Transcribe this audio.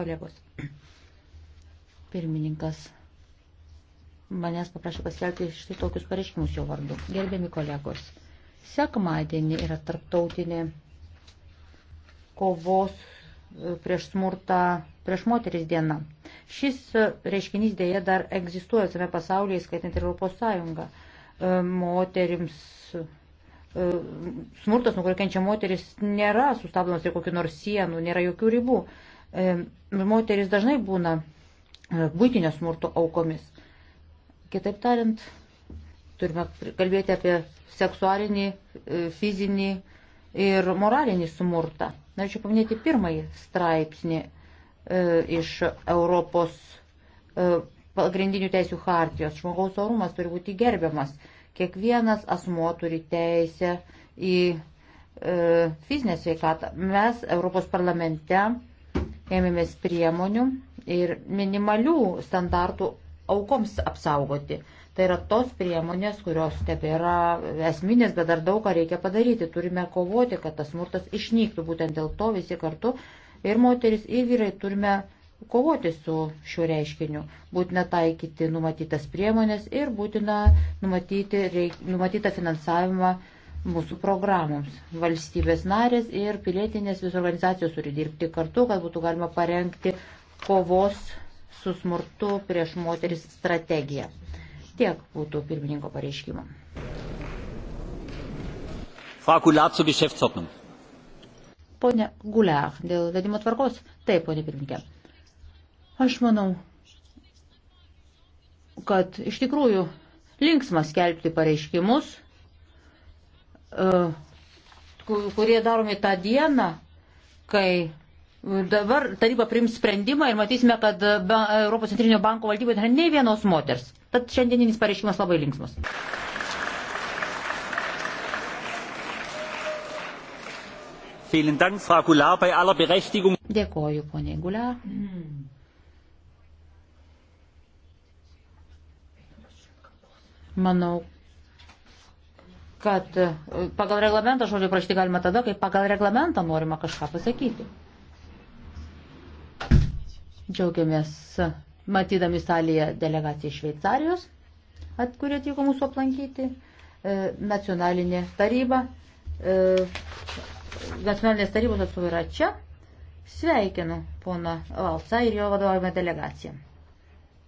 kolegos. Pirmininkas manęs paprašė paskelbti štai tokius pareiškimus jo vardu. Gerbiami kolegos, sekmadienį yra tarptautinė kovos e, prieš smurtą, prieš moteris diena. Šis e, reiškinys dėja dar egzistuoja visame pasaulyje, skaitant ir Europos Sąjungą. E, moterims smurtas, nuo kurio kenčia moteris, nėra sustabdomas prie kokių nors sienų, nėra jokių ribų. E, moteris dažnai būna e, būtinio smurto aukomis. Kitaip tariant, turime kalbėti apie seksualinį, e, fizinį ir moralinį smurtą. Norėčiau paminėti pirmąjį straipsnį e, iš Europos e, pagrindinių teisių hartijos. Žmogaus orumas turi būti gerbiamas. Kiekvienas asmo turi teisę į e, fizinę sveikatą. Mes Europos parlamente ėmėmės priemonių ir minimalių standartų aukoms apsaugoti. Tai yra tos priemonės, kurios tebėra esminės, bet dar daug ką reikia padaryti. Turime kovoti, kad tas smurtas išnyktų. Būtent dėl to visi kartu ir moteris, ir vyrai turime kovoti su šiuo reiškiniu. Būtina taikyti numatytas priemonės ir būtina numatyti, reik, numatytą finansavimą mūsų programoms. Valstybės narės ir pilietinės vis organizacijos turi dirbti kartu, kad būtų galima parengti kovos su smurtu prieš moteris strategiją. Tiek būtų pirmininko pareiškimo. Pone Guliach, dėl vedimo tvarkos. Taip, ponė pirmininkė. Aš manau, kad iš tikrųjų linksma skelbti pareiškimus E, kurie daromi tą dieną, kai dabar taryba priims sprendimą ir matysime, kad Europos centrinio banko valdyboje nėra nei vienos moters. Tad šiandieninis pareiškimas labai linksmas. Dėkoju, ponė Gulia. Manau, kad e, pagal reglamentą žodžio prašyti galima tada, kai pagal reglamentą norima kažką pasakyti. Džiaugiamės matydami salėje delegaciją iš Šveicarijos, kurie atvyko mūsų aplankyti, e, nacionalinė taryba, e, nacionalinės tarybos atstovai yra čia. Sveikinu poną Valsą ir jo vadovaujamą delegaciją.